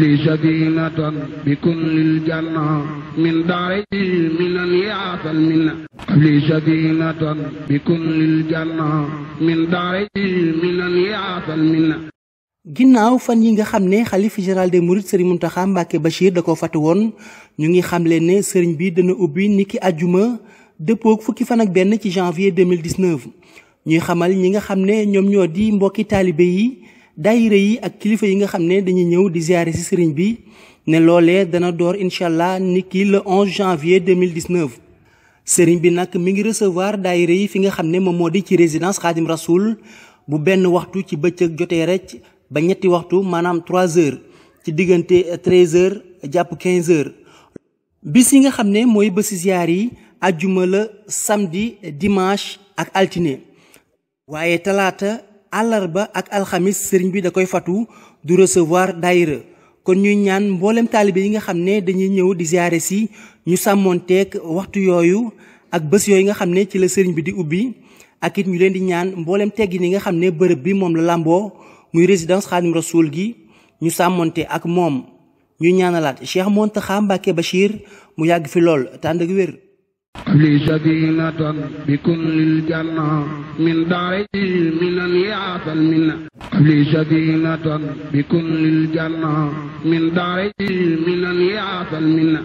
li sadinatan bi ginnaaw fan yi nga xam ne xalif général de mourides sëriñ Mountakha Mbacké Bachir da ko fatu woon ñu ngi xamle ne sëriñ bi dana ubbi niki àjjuma dëppook fukki fan ak benn ci janvier 2019 ñuy xamal ñi nga xam ne ñoom ñoo di mbokki taalibe yi daayira yi ak kilifa yi nga xam ne dañuy ñëw di ziare ci sëriñ bi ne loolee dana door incha allah niki le 11 janvier 2019. sëriñ bi nag mi ngi recevoir daayira yi fi nga xam ne moom moo di ci résidence Xaadim Rasoul bu benn waxtu ci bëccëg jotee rek ba ñetti waxtu maanaam 3 heures ci diggante 13 heures jàpp 15 heures. bis yi nga xam ne mooy bési ziar yi ajjuma la samdi dimanche ak altine waaye talaata. àllarba ak alxamis sëriñ bi da koy fatu du recevoir daayira kon ñuy ñaan mboolem taalibe yi nga xam ne dañuy ñëw di ziare si ñu sàmmoonteeg waxtu yooyu ak bés yooyu nga xam ne ci la sëriñ bi di ubbi ak it ñu leen di ñaan mboolem teggin yi nga xam ne bërëb bi moom la làmboo muy résidence Xaadim Rasul gi ñu sàmmoonte ak moom ñu ñaanalaat Cheikh Mountakha Mbacké Bachir mu yàgg fi lool tànd ak wér. المنة لي سكينة بكل الجنة من دار المنن يا فالمنة